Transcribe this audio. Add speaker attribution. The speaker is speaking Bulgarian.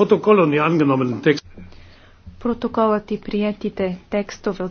Speaker 1: Е
Speaker 2: протоколът и приятите текстове от